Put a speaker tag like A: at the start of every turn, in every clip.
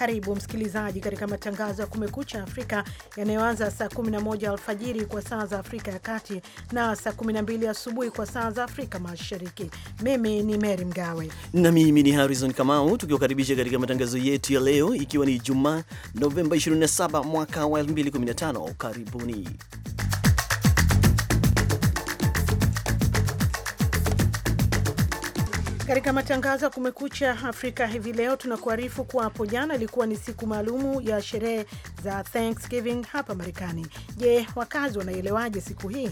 A: Karibu msikilizaji katika matangazo ya Kumekucha Afrika yanayoanza saa 11 alfajiri kwa saa za Afrika ya Kati na saa 12 asubuhi kwa saa za Afrika Mashariki. Mimi ni Mary Mgawe
B: na mimi ni Harrison Kamau, tukiwakaribisha katika matangazo yetu ya leo, ikiwa ni Jumaa Novemba 27 mwaka wa 2015. Karibuni.
A: Katika matangazo ya Kumekucha Afrika hivi leo tunakuarifu kuwa hapo jana ilikuwa ni siku maalumu ya sherehe za Thanksgiving hapa Marekani. Je, wakazi wanaielewaje siku hii?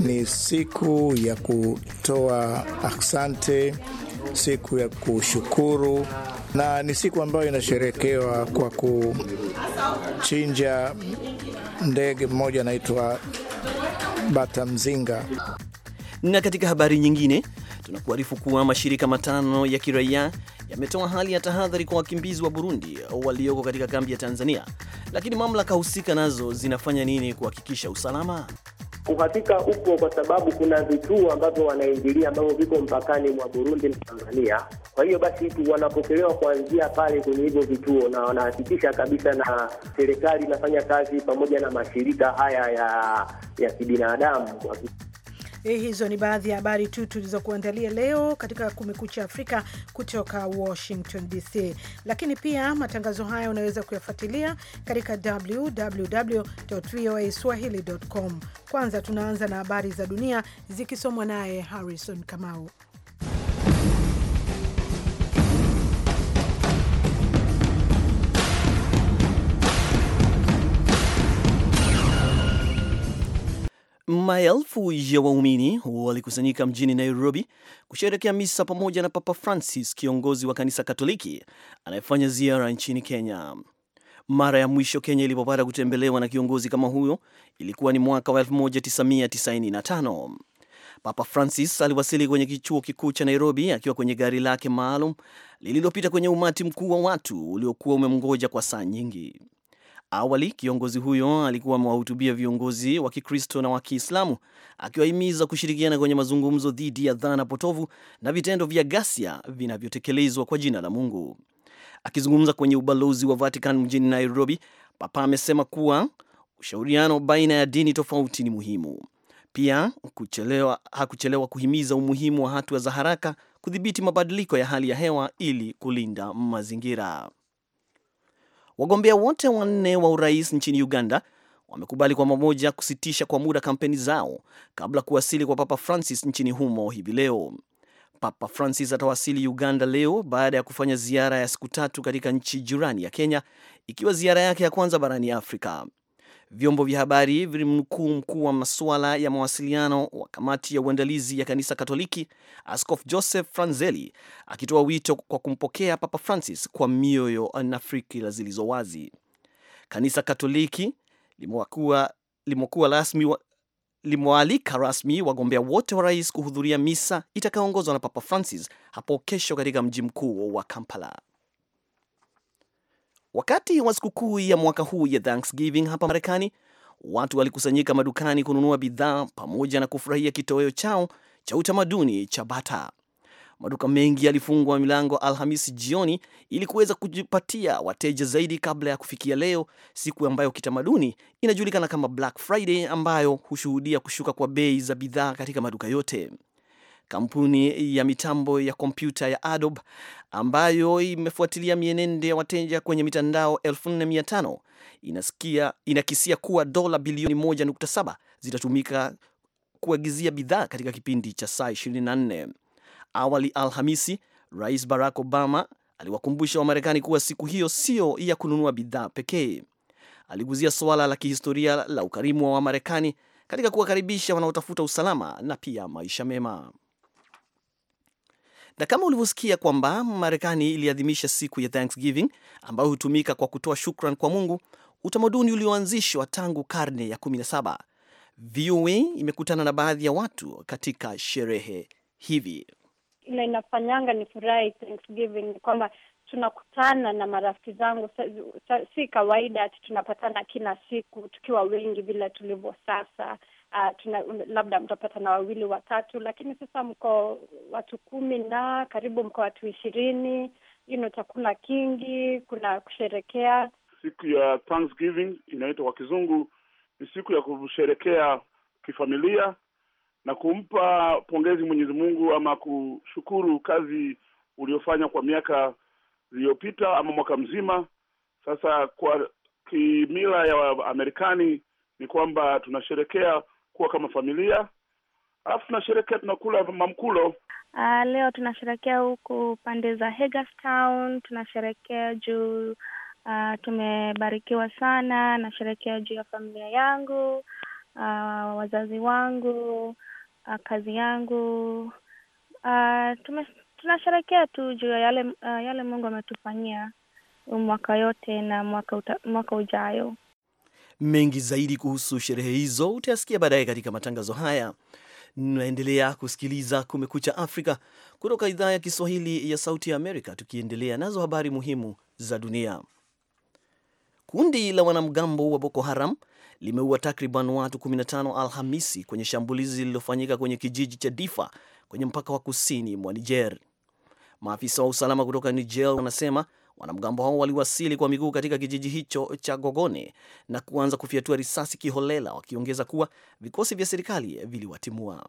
C: Ni siku ya kutoa asante, siku ya kushukuru na ni siku ambayo inasherekewa kwa kuchinja ndege mmoja anaitwa bata mzinga. Na katika habari nyingine Tunakuarifu
B: kuwa mashirika matano ya kiraia yametoa hali ya tahadhari kwa wakimbizi wa Burundi walioko katika kambi ya Tanzania, lakini mamlaka husika nazo zinafanya nini kuhakikisha usalama?
D: Uhakika upo kwa sababu kuna vituo ambavyo wanaingilia ambavyo viko mpakani mwa Burundi na Tanzania. Kwa hiyo basi wanapokelewa kuanzia pale kwenye hivyo vituo, na wanahakikisha kabisa na serikali inafanya kazi pamoja na mashirika haya ya ya kibinadamu.
A: Eh, hizo ni baadhi ya habari tu tulizokuandalia leo katika Kumekucha Afrika kutoka Washington DC, lakini pia matangazo haya unaweza kuyafuatilia katika www voa swahilicom Kwanza tunaanza na habari za dunia zikisomwa naye Harrison Kamau.
B: Maelfu ya waumini walikusanyika mjini Nairobi kusherekea misa pamoja na Papa Francis, kiongozi wa kanisa Katoliki anayefanya ziara nchini Kenya. Mara ya mwisho Kenya ilipopata kutembelewa na kiongozi kama huyo ilikuwa ni mwaka wa 1995. Papa Francis aliwasili kwenye kichuo kikuu cha Nairobi akiwa kwenye gari lake maalum lililopita kwenye umati mkuu wa watu uliokuwa umemngoja kwa saa nyingi. Awali kiongozi huyo alikuwa amewahutubia viongozi wa Kikristo na wa Kiislamu akiwahimiza kushirikiana kwenye mazungumzo dhidi ya dhana potovu na vitendo vya ghasia vinavyotekelezwa kwa jina la Mungu. Akizungumza kwenye ubalozi wa Vatican mjini Nairobi, Papa amesema kuwa ushauriano baina ya dini tofauti ni muhimu. Pia kuchelewa, hakuchelewa kuhimiza umuhimu wa hatua za haraka kudhibiti mabadiliko ya hali ya hewa ili kulinda mazingira. Wagombea wote wanne wa urais nchini Uganda wamekubali kwa pamoja kusitisha kwa muda kampeni zao kabla kuwasili kwa Papa Francis nchini humo hivi leo. Papa Francis atawasili Uganda leo baada ya kufanya ziara ya siku tatu katika nchi jirani ya Kenya, ikiwa ziara yake ya kwanza barani Afrika. Vyombo vya habari vilimnukuu mkuu wa masuala ya mawasiliano wa kamati ya uandalizi ya kanisa Katoliki, Askof Joseph Franzeli akitoa wito kwa kumpokea Papa Francis kwa mioyo na fikra zilizo wazi. Kanisa Katoliki limekuwa rasmi limewaalika rasmi wagombea wote wa rais kuhudhuria misa itakayoongozwa na Papa Francis hapo kesho katika mji mkuu wa Kampala. Wakati wa sikukuu ya mwaka huu ya Thanksgiving hapa Marekani, watu walikusanyika madukani kununua bidhaa pamoja na kufurahia kitoweo chao cha utamaduni cha bata. Maduka mengi yalifungwa milango Alhamisi jioni ili kuweza kujipatia wateja zaidi kabla ya kufikia leo, siku ambayo kitamaduni inajulikana kama Black Friday, ambayo hushuhudia kushuka kwa bei za bidhaa katika maduka yote kampuni ya mitambo ya kompyuta ya Adobe ambayo imefuatilia mienendo ya wateja kwenye mitandao 4500 inasikia inakisia kuwa dola bilioni 1.7 zitatumika kuagizia bidhaa katika kipindi cha saa 24. Awali Alhamisi, Rais Barack Obama aliwakumbusha Wamarekani kuwa siku hiyo sio ya kununua bidhaa pekee. Aliguzia suala la kihistoria la ukarimu wa Wamarekani katika kuwakaribisha wanaotafuta usalama na pia maisha mema. Na kama ulivyosikia kwamba Marekani iliadhimisha siku ya Thanksgiving ambayo hutumika kwa kutoa shukran kwa Mungu, utamaduni ulioanzishwa tangu karne ya 17. VOA imekutana na baadhi ya watu katika sherehe hivi
A: na inafanyanga ni furahi Thanksgiving kwamba tunakutana na marafiki zangu. Si kawaida ati tunapatana kila siku tukiwa wengi vile tulivyo sasa uh, tuna, labda na wawili watatu, lakini sasa mko watu kumi na karibu mko watu ishirini you know, chakula kingi, kuna kusherekea
E: siku ya Thanksgiving inaitwa kwa kizungu, ni siku ya kusherekea kifamilia na kumpa pongezi Mwenyezi Mungu ama kushukuru kazi uliofanya kwa miaka iliyopita ama mwaka mzima. Sasa kwa kimila ya Amerikani ni kwamba tunasherekea kuwa kama familia, alafu tunasherekea, tunakula mamkulo.
F: Uh, ah, leo tunasherekea huku pande za Hagerstown, tunasherekea juu uh, tumebarikiwa sana. Nasherekea juu ya familia yangu, uh, wazazi wangu, uh, kazi yangu, uh, tume, tunasherekea tu juu ya yale, uh, yale Mungu ametufanyia mwaka yote na mwaka, uta, mwaka ujayo.
B: Mengi zaidi kuhusu sherehe hizo utayasikia baadaye katika matangazo haya. Naendelea kusikiliza Kumekucha Afrika kutoka idhaa ya Kiswahili ya Sauti ya Amerika, tukiendelea nazo habari muhimu za dunia. Kundi la wanamgambo wa Boko Haram limeua takriban watu 15 Alhamisi kwenye shambulizi lililofanyika kwenye kijiji cha Difa kwenye mpaka wa kusini mwa Niger. Maafisa wa usalama kutoka Niger wanasema Wanamgambo hao waliwasili kwa miguu katika kijiji hicho cha Gogone na kuanza kufyatua risasi kiholela, wakiongeza kuwa vikosi vya serikali viliwatimua.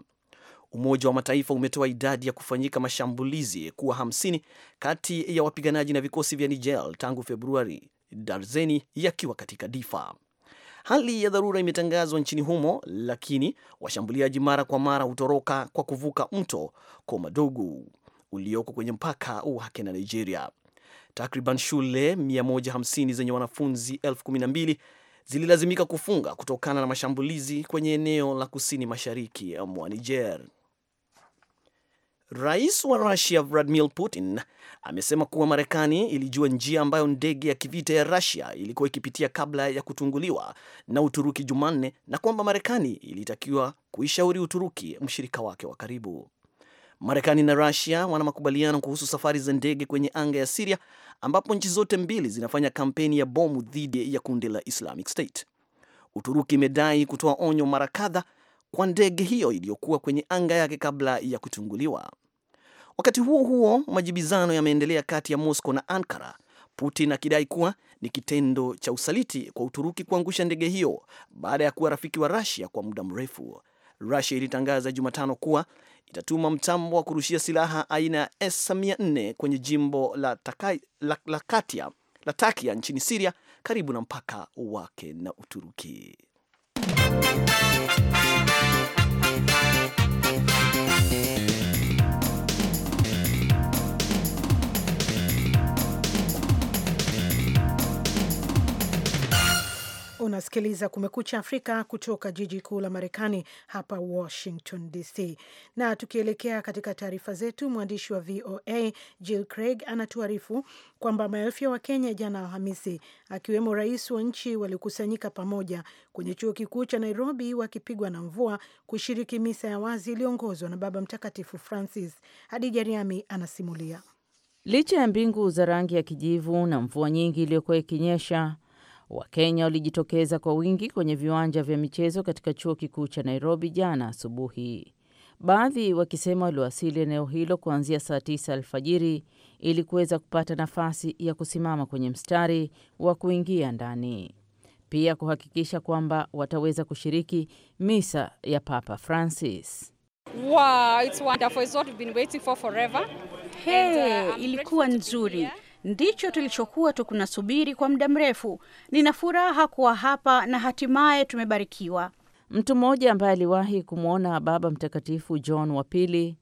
B: Umoja wa Mataifa umetoa idadi ya kufanyika mashambulizi kuwa 50 kati ya wapiganaji na vikosi vya Niger tangu Februari, darzeni yakiwa katika Difa. Hali ya dharura imetangazwa nchini humo, lakini washambuliaji mara kwa mara hutoroka kwa kuvuka mto Komadogu ulioko kwenye mpaka wake na Nigeria. Takriban shule 150 zenye wanafunzi 12 zililazimika kufunga kutokana na mashambulizi kwenye eneo la kusini mashariki mwa Niger. Rais wa Rusia Vladimir Putin amesema kuwa Marekani ilijua njia ambayo ndege ya kivita ya rasia ilikuwa ikipitia kabla ya kutunguliwa na Uturuki Jumanne na kwamba Marekani ilitakiwa kuishauri Uturuki, mshirika wake wa karibu. Marekani na Rusia wana makubaliano kuhusu safari za ndege kwenye anga ya Siria, ambapo nchi zote mbili zinafanya kampeni ya bomu dhidi ya kundi la Islamic State. Uturuki imedai kutoa onyo mara kadha kwa ndege hiyo iliyokuwa kwenye anga yake kabla ya kutunguliwa. Wakati huo huo, majibizano yameendelea kati ya Moscow na Ankara, Putin akidai kuwa ni kitendo cha usaliti kwa Uturuki kuangusha ndege hiyo baada ya kuwa rafiki wa Rusia kwa muda mrefu. Rusia ilitangaza Jumatano kuwa itatuma mtambo wa kurushia silaha aina ya S400 kwenye jimbo la, takai, la, la, katia, la Takia nchini Siria karibu na mpaka wake na Uturuki.
A: Unasikiliza Kumekucha Afrika kutoka jiji kuu la Marekani, hapa Washington DC. Na tukielekea katika taarifa zetu, mwandishi wa VOA Jill Craig anatuarifu kwamba maelfu ya Wakenya jana Alhamisi, akiwemo rais wa nchi, waliokusanyika pamoja kwenye chuo kikuu cha Nairobi wakipigwa na mvua kushiriki misa ya wazi iliyoongozwa na Baba Mtakatifu Francis. Hadija Riami anasimulia.
F: Licha ya mbingu za rangi ya kijivu na mvua nyingi iliyokuwa ikinyesha Wakenya walijitokeza kwa wingi kwenye viwanja vya michezo katika chuo kikuu cha Nairobi jana asubuhi, baadhi wakisema waliwasili eneo hilo kuanzia saa tisa alfajiri ili kuweza kupata nafasi ya kusimama kwenye mstari wa kuingia ndani, pia kuhakikisha kwamba wataweza kushiriki misa ya Papa Francis. Wow, it's wonderful. It's what we've been waiting for forever. Hey, And, uh, ilikuwa nzuri Ndicho tulichokuwa tukunasubiri kwa muda mrefu. Nina furaha kuwa hapa na hatimaye tumebarikiwa. Mtu mmoja ambaye aliwahi kumwona Baba Mtakatifu John wa Pili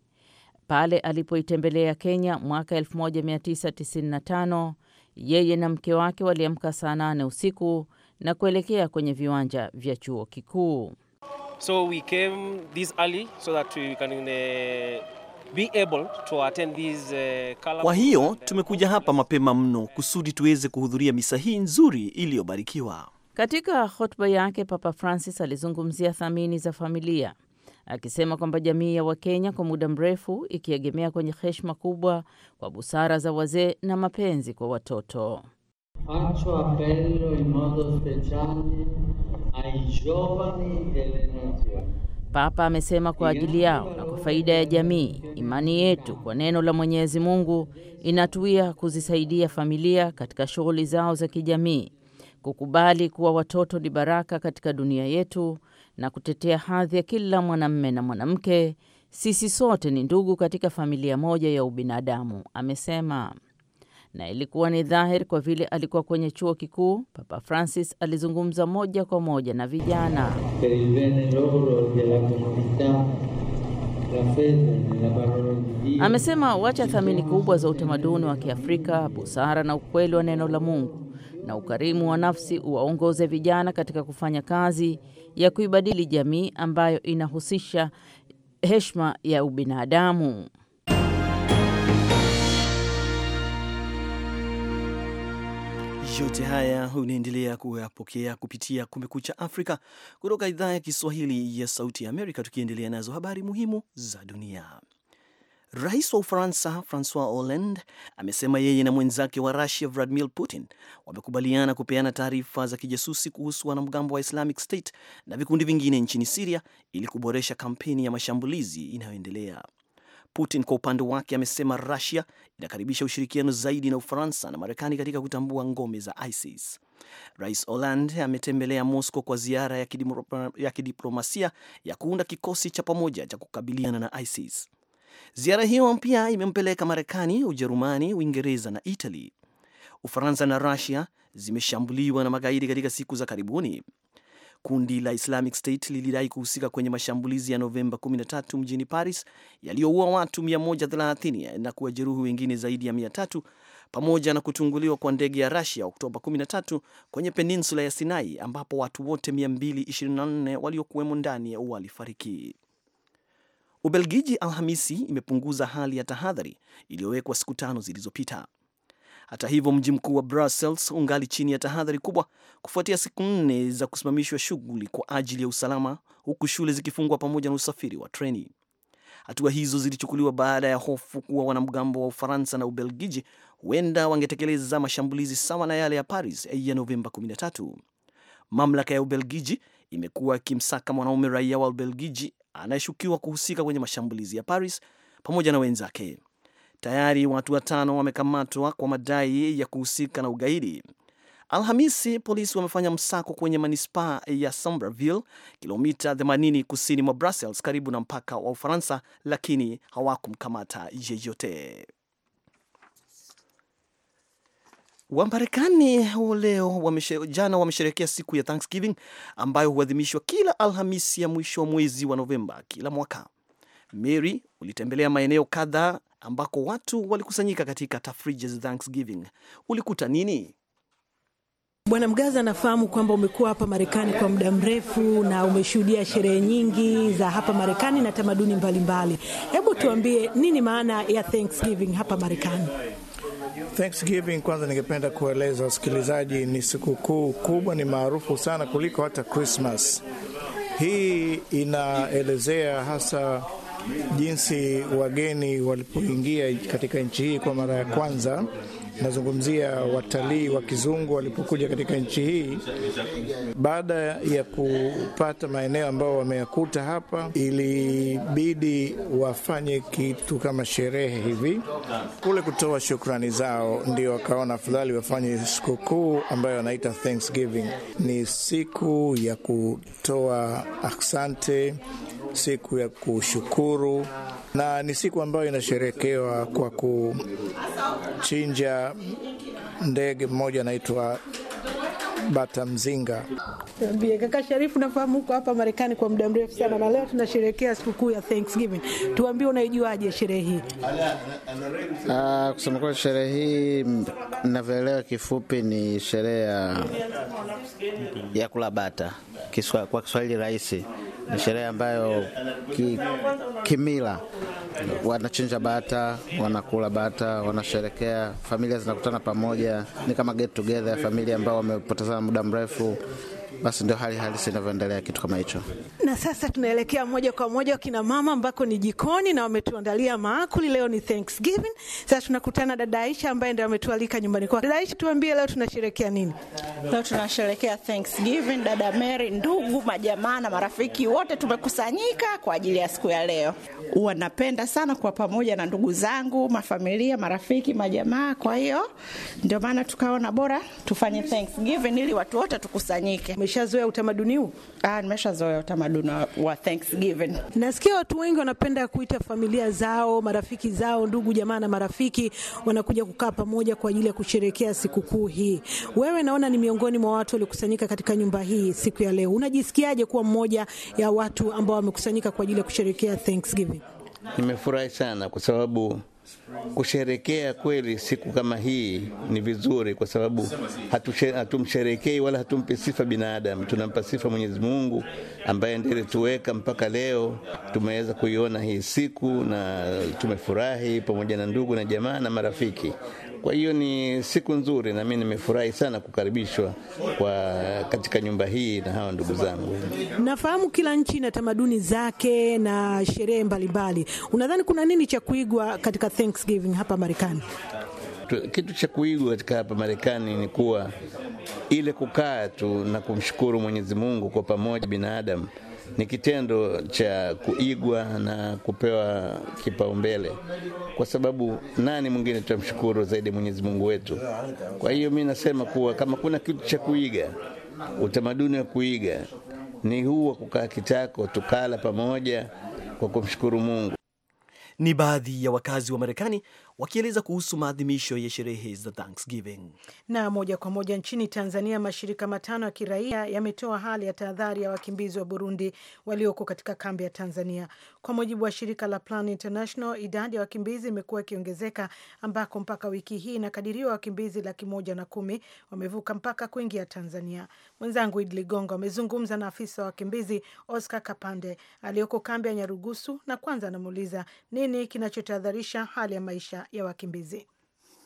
F: pale alipoitembelea Kenya mwaka 1995 yeye na mke wake waliamka saa nane usiku na kuelekea kwenye viwanja vya chuo kikuu.
E: So we came this early so that we can uh, be able to
F: attend these,
G: uh,
B: kwa hiyo tumekuja hapa mapema mno kusudi tuweze kuhudhuria misa hii nzuri iliyobarikiwa.
F: Katika hotuba yake, Papa Francis alizungumzia thamani za familia akisema kwamba jamii ya Wakenya kwa muda mrefu ikiegemea kwenye heshima kubwa kwa busara za wazee na mapenzi kwa watoto.
G: in modo speciale ai giovani delle
D: nazioni
F: Papa amesema kwa ajili yao na kwa faida ya jamii, imani yetu kwa neno la Mwenyezi Mungu inatuia kuzisaidia familia katika shughuli zao za kijamii, kukubali kuwa watoto ni baraka katika dunia yetu na kutetea hadhi ya kila mwanamme na mwanamke. Sisi sote ni ndugu katika familia moja ya ubinadamu, amesema na ilikuwa ni dhahiri kwa vile alikuwa kwenye chuo kikuu. Papa Francis alizungumza moja kwa moja na vijana Amesema wacha thamini kubwa za utamaduni wa Kiafrika, busara na ukweli wa neno la Mungu na ukarimu wa nafsi uwaongoze vijana katika kufanya kazi ya kuibadili jamii ambayo inahusisha heshima ya ubinadamu.
B: Yote haya unaendelea kuyapokea kupitia Kumekucha Afrika kutoka idhaa ya Kiswahili ya Sauti ya Amerika, tukiendelea nazo habari muhimu za dunia. Rais wa Ufaransa Francois Hollande amesema yeye na mwenzake wa Rusia Vladimir Putin wamekubaliana kupeana taarifa za kijasusi kuhusu wanamgambo wa Islamic State na vikundi vingine nchini Siria ili kuboresha kampeni ya mashambulizi inayoendelea. Putin kwa upande wake amesema Russia inakaribisha ushirikiano zaidi na Ufaransa na Marekani katika kutambua ngome za ISIS. Rais Hollande ametembelea Moscow kwa ziara ya, ya kidiplomasia ya kuunda kikosi cha pamoja cha kukabiliana na ISIS. Ziara hiyo pia imempeleka Marekani, Ujerumani, Uingereza na Italy. Ufaransa na Russia zimeshambuliwa na magaidi katika siku za karibuni. Kundi la Islamic State lilidai kuhusika kwenye mashambulizi ya Novemba 13 mjini Paris yaliyoua watu 130 na kuwajeruhi wengine zaidi ya 300 pamoja na kutunguliwa kwa ndege ya Russia Oktoba 13 kwenye peninsula ya Sinai ambapo watu wote 224 waliokuwemo ndani ya walifariki. Ubelgiji Alhamisi imepunguza hali ya tahadhari iliyowekwa siku tano zilizopita. Hata hivyo, mji mkuu wa Brussels ungali chini ya tahadhari kubwa kufuatia siku nne za kusimamishwa shughuli kwa ajili ya usalama, huku shule zikifungwa pamoja na usafiri wa treni. Hatua hizo zilichukuliwa baada ya hofu kuwa wanamgambo wa Ufaransa na Ubelgiji huenda wangetekeleza mashambulizi sawa na yale ya Paris ya Novemba 13. Mamlaka ya Ubelgiji imekuwa ikimsaka mwanaume raia wa Ubelgiji anayeshukiwa kuhusika kwenye mashambulizi ya Paris pamoja na wenzake. Tayari watu watano wamekamatwa kwa madai ya kuhusika na ugaidi. Alhamisi polisi wamefanya msako kwenye manispaa ya Sombreville, kilomita 80 kusini mwa Brussels, karibu na mpaka wa Ufaransa, lakini hawakumkamata yeyote. Wamarekani leo wameshe, jana wamesherehekea siku ya Thanksgiving ambayo huadhimishwa kila Alhamisi ya mwisho wa mwezi wa Novemba kila mwaka. Mary ulitembelea maeneo kadhaa ambako watu walikusanyika katika Tafrija's Thanksgiving. Ulikuta nini? Bwana Mgaza, anafahamu kwamba umekuwa hapa Marekani kwa muda mrefu na umeshuhudia sherehe
A: nyingi za hapa Marekani na tamaduni mbalimbali. Hebu tuambie nini maana ya Thanksgiving hapa Marekani?
C: Thanksgiving, kwanza ningependa kueleza wasikilizaji, ni sikukuu kubwa, ni maarufu sana kuliko hata Christmas. Hii inaelezea hasa jinsi wageni walipoingia katika nchi hii kwa mara ya kwanza. Nazungumzia watalii wa kizungu walipokuja katika nchi hii, baada ya kupata maeneo ambayo wameyakuta hapa, ilibidi wafanye kitu kama sherehe hivi kule kutoa shukrani zao, ndio wakaona afadhali wafanye sikukuu ambayo wanaita Thanksgiving, ni siku ya kutoa aksante siku ya kushukuru na ni siku ambayo inasherekewa kwa kuchinja ndege mmoja anaitwa bata mzinga.
A: kaka Sharifu, nafahamu huko hapa Marekani kwa muda mrefu sana, na leo tunasherekea sikukuu ya Thanksgiving. Tuambie, unaijuaje sherehe hii?
G: Uh, kusema kwa sherehe hii navyoelewa, kifupi ni sherehe ya kula bata, kwa Kiswahili rahisi ni sherehe ambayo ki, kimila wanachinja bata, wanakula bata, wanasherekea, familia zinakutana pamoja, ni kama get together ya familia ambao wamepotezana muda mrefu. Basi ndio hali halisi inavyoendelea kitu kama hicho.
A: Na sasa tunaelekea moja kwa moja kina mama ambako ni jikoni na wametuandalia maakuli. Leo ni Thanksgiving. Sasa tunakutana dada Aisha ambaye ndio ametualika nyumbani kwa. Dada Aisha, tuambie leo tunasherehekea nini? Leo tunasherehekea Thanksgiving. Dada Mary, ndugu, majamaa na marafiki wote tumekusanyika kwa ajili ya siku ya leo. Huwa napenda sana kwa pamoja na ndugu zangu, mafamilia, marafiki, majamaa. Kwa hiyo ndio maana tukaona bora tufanye Thanksgiving ili watu wote tukusanyike umeshazoea utamaduni huu? Ah, nimeshazoea utamaduni wa Thanksgiving. Nasikia watu wengi wanapenda kuita familia zao, marafiki zao, ndugu jamaa na marafiki wanakuja kukaa pamoja kwa ajili ya kusherekea sikukuu hii. Wewe naona ni miongoni mwa watu waliokusanyika katika nyumba hii siku ya leo, unajisikiaje kuwa mmoja ya watu ambao wamekusanyika kwa ajili ya kusherekea Thanksgiving?
H: Nimefurahi sana kwa sababu kusherekea kweli siku kama hii ni vizuri, kwa sababu hatumsherekei wala hatumpi sifa binadamu, tunampa sifa Mwenyezi Mungu ambaye ndiye alituweka mpaka leo. Tumeweza kuiona hii siku na tumefurahi pamoja na ndugu na jamaa na marafiki. Kwa hiyo ni siku nzuri, na mimi nimefurahi sana kukaribishwa kwa katika nyumba hii na hawa ndugu zangu.
A: Nafahamu kila nchi na tamaduni zake na sherehe mbalimbali. Unadhani kuna nini cha kuigwa katika Thanks Thanksgiving hapa Marekani?
H: Kitu cha kuigwa katika hapa Marekani ni kuwa ile kukaa tu na kumshukuru Mwenyezi Mungu kwa pamoja binadamu ni kitendo cha kuigwa na kupewa kipaumbele, kwa sababu nani mwingine tutamshukuru zaidi Mwenyezi Mungu wetu? Kwa hiyo mi nasema kuwa kama kuna kitu cha kuiga, utamaduni wa kuiga ni huu wa kukaa kitako tukala pamoja kwa kumshukuru Mungu. Ni baadhi ya wakazi wa Marekani
B: wakieleza kuhusu maadhimisho ya sherehe za Thanksgiving.
A: Na moja kwa moja nchini Tanzania, mashirika matano ya kiraia yametoa hali ya tahadhari ya wakimbizi wa Burundi walioko katika kambi ya Tanzania. Kwa mujibu wa shirika la Plan International, idadi ya wakimbizi imekuwa ikiongezeka ambako mpaka wiki hii inakadiriwa wakimbizi laki moja na kumi wamevuka mpaka kuingia Tanzania. Mwenzangu Idi Ligongo amezungumza na afisa wa wakimbizi Oscar Kapande aliyoko kambi ya Nyarugusu, na kwanza anamuuliza nini kinachotahadharisha hali ya maisha ya wakimbizi.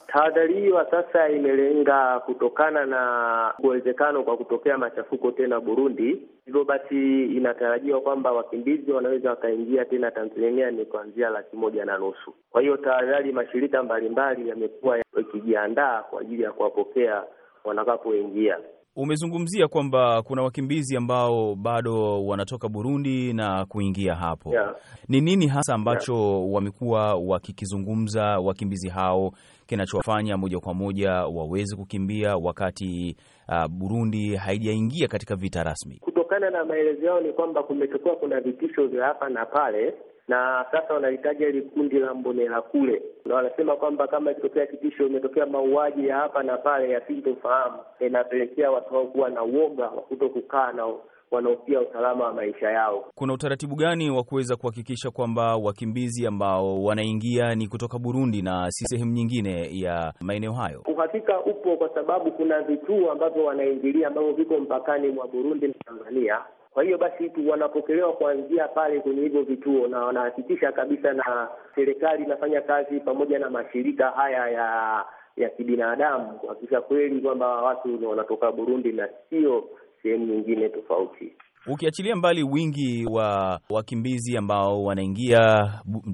D: Tahadhari hiyo sasa imelenga kutokana na uwezekano kwa kutokea machafuko tena Burundi. Hivyo basi, inatarajiwa kwamba wakimbizi wanaweza wakaingia tena Tanzania ni kuanzia laki moja na nusu. Kwa hiyo tahadhari, mashirika mbalimbali yamekuwa yakijiandaa kwa ajili ya kuwapokea wanakapoingia
E: umezungumzia kwamba kuna wakimbizi ambao bado wanatoka Burundi na kuingia hapo, yeah. Ni nini hasa ambacho yeah, wamekuwa wakikizungumza wakimbizi hao kinachowafanya moja kwa moja waweze kukimbia wakati uh, Burundi haijaingia katika vita rasmi?
D: Kutokana na maelezo yao ni kwamba kumekuwa kuna vitisho vya hapa na pale na sasa wanahitaji ile kundi la Mbonela kule, na wanasema kwamba kama ikitokea kitisho, imetokea mauaji ya hapa na pale ya sintofahamu, inapelekea watu hao kuwa na uoga wa kuto kukaa nao wanaofia usalama wa maisha yao. Kuna
E: utaratibu gani wa kuweza kuhakikisha kwamba wakimbizi ambao wanaingia ni kutoka Burundi na si sehemu nyingine ya maeneo hayo?
D: Uhakika upo, kwa sababu kuna vituo ambavyo wanaingilia ambavyo viko mpakani mwa Burundi na Tanzania kwa hiyo basi tu wanapokelewa kuanzia pale kwenye hivyo vituo, na wanahakikisha kabisa na serikali inafanya kazi pamoja na mashirika haya ya ya kibinadamu kuhakikisha kweli kwamba watu wanatoka Burundi na sio sehemu nyingine tofauti.
E: Ukiachilia mbali wingi wa wakimbizi ambao wanaingia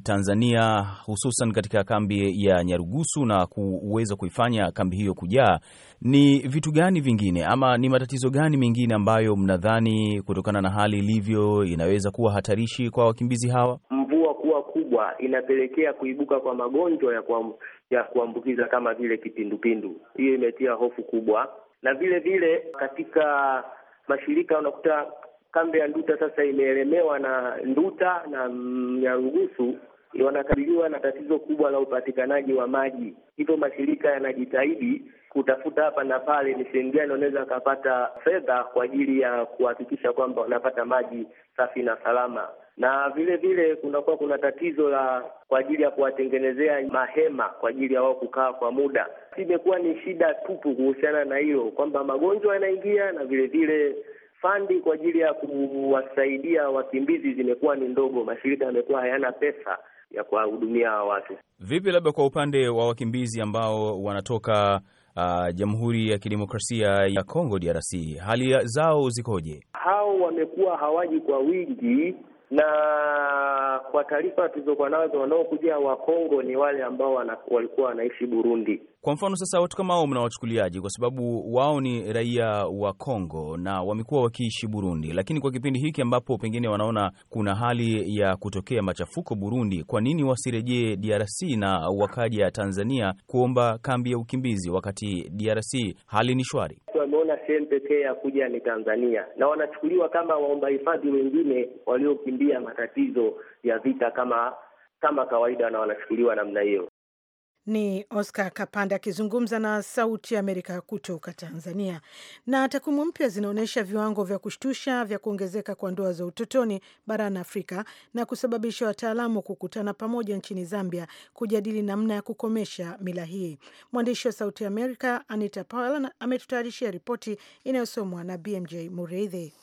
E: Tanzania hususan katika kambi ya Nyarugusu na kuweza kuifanya kambi hiyo kujaa, ni vitu gani vingine ama ni matatizo gani mengine ambayo mnadhani kutokana na hali ilivyo inaweza kuwa hatarishi kwa wakimbizi hawa?
D: Mvua kuwa kubwa inapelekea kuibuka kwa magonjwa ya kwa ya kuambukiza kama vile kipindupindu. Hiyo imetia hofu kubwa, na vile vile katika mashirika unakuta kambi ya Nduta sasa imeelemewa na Nduta na Nyarugusu wanakabiliwa na tatizo kubwa la upatikanaji wa maji, hivyo mashirika yanajitahidi kutafuta hapa na pale ni sehemu gani wanaweza wakapata fedha kwa ajili ya kuhakikisha kwamba wanapata maji safi na salama, na vile vile kunakuwa kuna tatizo la kwa ajili ya kuwatengenezea mahema kwa ajili ya wao kukaa kwa muda. Imekuwa ni shida tupu kuhusiana na hilo kwamba magonjwa yanaingia na vile vile fandi kwa ajili ya kuwasaidia wakimbizi zimekuwa ni ndogo, mashirika yamekuwa hayana pesa ya kuwahudumia hawa watu.
E: Vipi labda kwa upande wa wakimbizi ambao wanatoka uh, Jamhuri ya Kidemokrasia ya Kongo DRC, hali zao zikoje?
D: Hao wamekuwa hawaji kwa wingi na kwa taarifa tulizokuwa nazo wanaokuja Wakongo ni wale ambao wana, walikuwa wanaishi Burundi.
E: Kwa mfano sasa, watu kama wao mnawachukuliaje? Kwa sababu wao ni raia wa Kongo na wamekuwa wakiishi Burundi, lakini kwa kipindi hiki ambapo pengine wanaona kuna hali ya kutokea machafuko Burundi, kwa nini wasirejee DRC na wakaja Tanzania kuomba kambi ya ukimbizi wakati DRC hali ni shwari?
D: wameona sehemu pekee ya kuja ni Tanzania, na wanachukuliwa kama waomba hifadhi wengine waliokimbia matatizo ya vita kama kama kawaida, na wanachukuliwa namna hiyo.
A: Ni Oscar Kapanda akizungumza na Sauti ya Amerika kutoka Tanzania. Na takwimu mpya zinaonyesha viwango vya kushtusha vya kuongezeka kwa ndoa za utotoni barani Afrika na kusababisha wataalamu kukutana pamoja nchini Zambia kujadili namna ya kukomesha mila hii. Mwandishi wa Sauti ya Amerika Anita Powell ametutayarishia ripoti inayosomwa na BMJ Mureithi.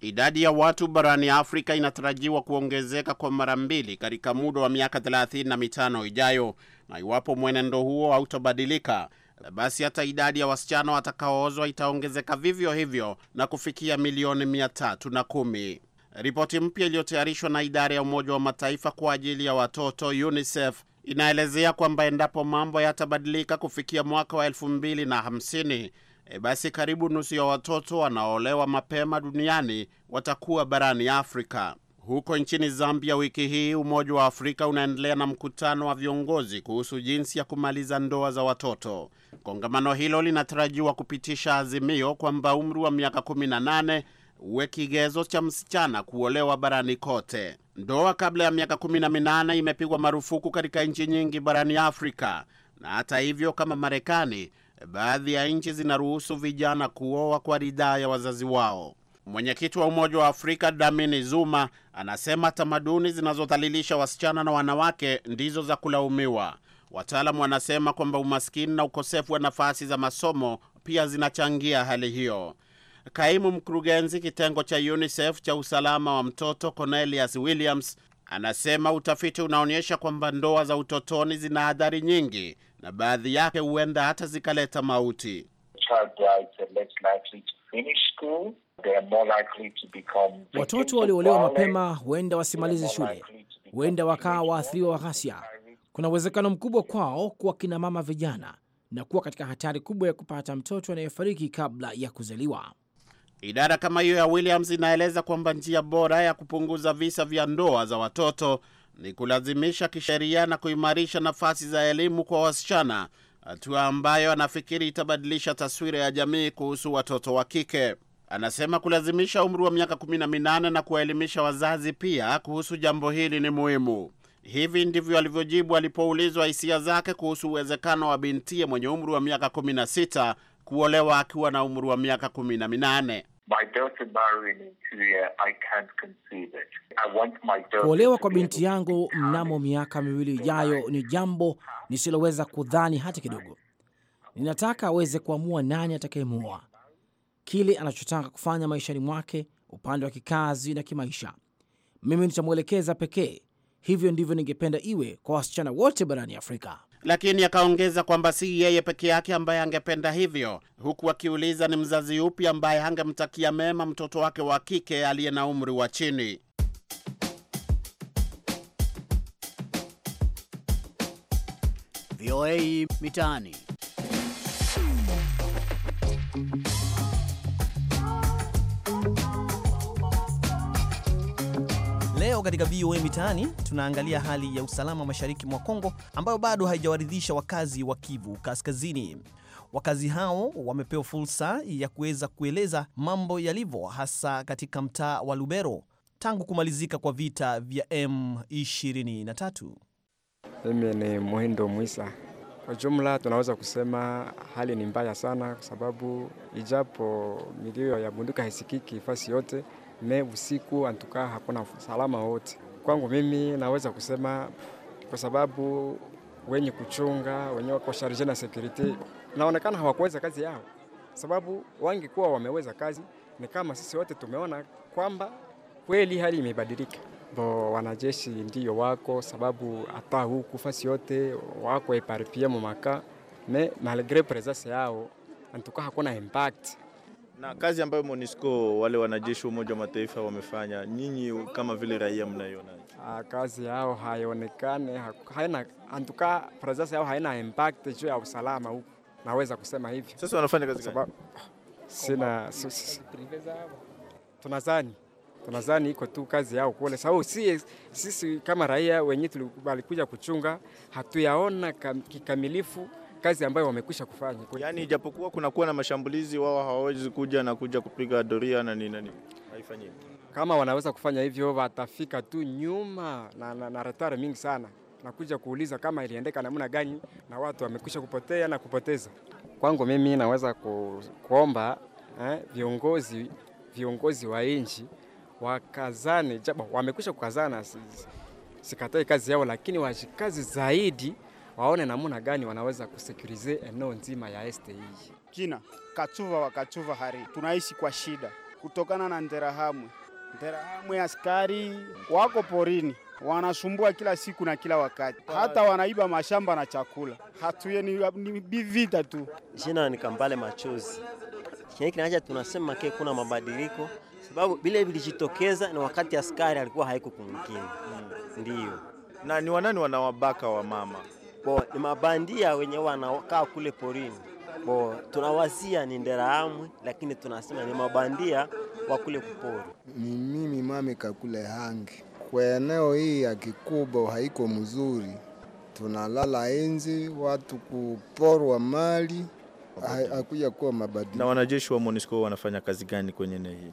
G: Idadi ya watu barani Afrika inatarajiwa kuongezeka kwa mara mbili katika muda wa miaka 35 ijayo na iwapo mwenendo huo hautabadilika, basi hata idadi ya wasichana watakaoozwa itaongezeka vivyo hivyo na kufikia milioni mia tatu na kumi. Ripoti mpya iliyotayarishwa na idara ya Umoja wa Mataifa kwa ajili ya watoto UNICEF inaelezea kwamba endapo mambo yatabadilika kufikia mwaka wa elfu mbili na hamsini, e, basi karibu nusu ya watoto wanaoolewa mapema duniani watakuwa barani Afrika. Huko nchini Zambia wiki hii, Umoja wa Afrika unaendelea na mkutano wa viongozi kuhusu jinsi ya kumaliza ndoa za watoto. Kongamano hilo linatarajiwa kupitisha azimio kwamba umri wa miaka 18 uwe kigezo cha msichana kuolewa barani kote. Ndoa kabla ya miaka 18 imepigwa marufuku katika nchi nyingi barani Afrika, na hata hivyo, kama Marekani, baadhi ya nchi zinaruhusu vijana kuoa kwa ridhaa ya wazazi wao. Mwenyekiti wa Umoja wa Afrika Dlamini Zuma anasema tamaduni zinazodhalilisha wasichana na wanawake ndizo za kulaumiwa. Wataalamu wanasema kwamba umaskini na ukosefu wa nafasi za masomo pia zinachangia hali hiyo. Kaimu mkurugenzi kitengo cha UNICEF cha usalama wa mtoto Cornelius Williams anasema utafiti unaonyesha kwamba ndoa za utotoni zina adhari nyingi na baadhi yake huenda hata zikaleta mauti.
D: Watoto walioolewa mapema
E: huenda wasimalize shule, huenda wakawa waathiriwa wa ghasia. Kuna uwezekano mkubwa
G: kwao kuwa kina mama vijana na kuwa katika hatari kubwa ya kupata mtoto anayefariki kabla ya kuzaliwa. Idara kama hiyo ya Williams inaeleza kwamba njia bora ya kupunguza visa vya ndoa za watoto ni kulazimisha kisheria na kuimarisha nafasi za elimu kwa wasichana, hatua ambayo anafikiri itabadilisha taswira ya jamii kuhusu watoto wa kike. Anasema kulazimisha umri wa miaka 18 na kuwaelimisha wazazi pia kuhusu jambo hili ni muhimu. Hivi ndivyo alivyojibu alipoulizwa hisia zake kuhusu uwezekano wa bintie mwenye umri wa miaka 16 kuolewa akiwa na umri wa miaka 18. Kuolewa
E: kwa binti yangu mnamo miaka miwili ijayo ni jambo nisiloweza kudhani hata kidogo. Ninataka aweze kuamua nani atakayemuoa kile anachotaka kufanya maishani mwake, upande wa kikazi na kimaisha. Mimi nitamwelekeza pekee. Hivyo ndivyo ningependa iwe kwa wasichana wote barani Afrika.
G: Lakini akaongeza kwamba si yeye peke yake ambaye angependa hivyo, huku akiuliza ni mzazi upi ambaye angemtakia mema mtoto wake wa kike aliye na umri wa chini.
F: VOA Mitaani.
B: Leo katika VOA Mitaani tunaangalia hali ya usalama mashariki mwa Kongo ambayo bado haijawaridhisha wakazi wa Kivu Kaskazini. Wakazi hao wamepewa fursa ya kuweza kueleza mambo yalivyo, hasa katika mtaa wa Lubero tangu kumalizika kwa vita
I: vya M23. Mimi ni Muhindo Mwisa. Kwa jumla tunaweza kusema hali ni mbaya sana, kwa sababu ijapo milio ya bunduki haisikiki fasi yote me usiku antuka hakuna salama wote. Kwangu mimi naweza kusema kwa sababu wenye kuchunga wenye wako sharje na security naonekana hawakuweza kazi yao, sababu wangekuwa wameweza kazi. Ni kama sisi wote tumeona kwamba kweli hali imebadilika, bo wanajeshi ndiyo wako sababu, hata huku fasi yote wako eparpie mumaka me malgre presence yao antuka hakuna impact
C: na kazi ambayo MONUSCO wale wanajeshi wa Umoja wa Mataifa wamefanya, nyinyi kama vile raia mnaiona
I: ah, kazi yao haionekane, haina antuka presence yao haina impact juu ya usalama huku, naweza kusema hivyo. Sasa wanafanya kazi gani? Sina, tunazani tunazani iko tu kazi yao kule, sababu sisi kama raia wenyewe walikuja kuchunga, hatuyaona kikamilifu kazi ambayo wamekwisha kufanya. Yaani ijapokuwa kunakuwa na mashambulizi, wao hawawezi
C: kuja na kuja kupiga doria na nini nani, haifanyiki.
I: Kama wanaweza kufanya hivyo, watafika tu nyuma na, na, na retare mingi sana na kuja kuuliza kama iliendeka namna gani na watu wamekwisha kupotea na kupoteza. Kwangu mimi naweza ku, kuomba eh, viongozi viongozi wa nchi wakazane, japo wamekwisha kukazana, sikatai kazi yao, lakini wajikazi zaidi waone namna gani wanaweza kusekurize eneo nzima ya STI.
G: kina Kachuva wa Kachuva hari, tunaishi kwa shida kutokana na Nderahamwe. Nderahamwe askari wako porini wanasumbua kila siku na kila wakati, hata wanaiba mashamba na chakula. Hatuye ni, ni bivita tu. Jina ni Kambale Machozi. Chenye tunasema ke kuna mabadiliko sababu vile vilijitokeza ni wakati askari alikuwa haiko kumkini.
F: Hmm.
G: Ndiyo. Na ni wanani wanawabaka wa mama bo ni
I: mabandia wenye wanakaa kule porini bo, tunawazia ni Nderahamwe, lakini tunasema ni mabandia wa kule kupori. Ni mimi mame kakule hangi kwa eneo hii ya Kikubo haiko mzuri, tunalala enzi
B: watu kuporwa mali hakuja kuwa mabadiliko. Na
C: wanajeshi wa monisco wanafanya kazi gani kwenye eneo hili?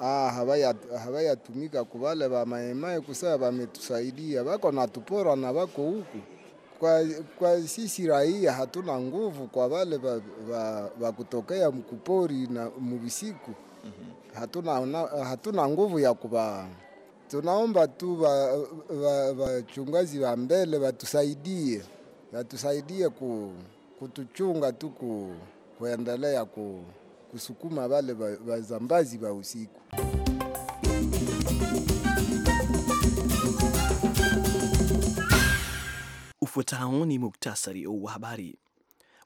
B: Ah, ah, hawayatumika kubale ba maimai kusema bametusaidia, bako na bako huku kwa, kwa sisi raia hatuna nguvu kwa wale wa, wa, wa kutokea mkupori
I: na mubisiku mm -hmm. hatuna, una, hatuna nguvu ya kuba tunaomba tu wachungaji wa, wa, wa mbele watusaidie watusaidie ku, kutuchunga tu ku, kuendelea ku,
B: kusukuma wale wazambazi wa, wa usiku Ufuatao ni muktasari wa habari.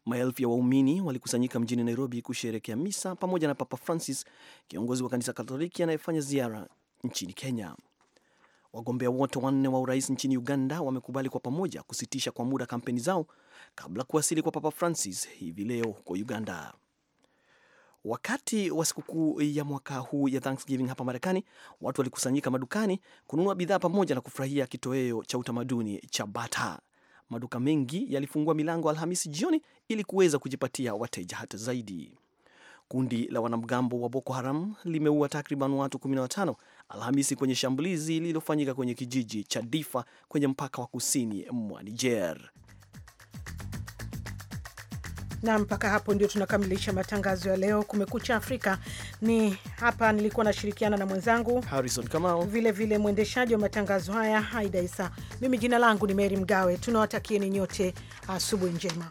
B: Maelfu ya waumini walikusanyika mjini Nairobi kusherekea misa pamoja na Papa Francis, kiongozi wa kanisa Katoliki anayefanya ziara nchini Kenya. Wagombea wote wanne wa urais nchini Uganda wamekubali kwa pamoja kusitisha kwa muda kampeni zao kabla kuwasili kwa Papa Francis hivi leo huko Uganda. Wakati wa sikukuu ya mwaka huu ya Thanksgiving hapa Marekani, watu walikusanyika madukani kununua bidhaa pamoja na kufurahia kitoweo cha utamaduni cha bata maduka mengi yalifungua milango Alhamisi jioni ili kuweza kujipatia wateja hata zaidi. Kundi la wanamgambo wa Boko Haram limeua takriban watu 15 Alhamisi kwenye shambulizi lililofanyika kwenye kijiji cha Difa kwenye mpaka wa kusini mwa Niger
A: na mpaka hapo ndio tunakamilisha matangazo ya leo Kumekucha Afrika. Ni hapa nilikuwa nashirikiana na mwenzangu Harrison Kamau, vilevile mwendeshaji wa matangazo haya Haida Isa. Mimi jina langu ni Meri Mgawe. Tunawatakieni nyote asubuhi njema.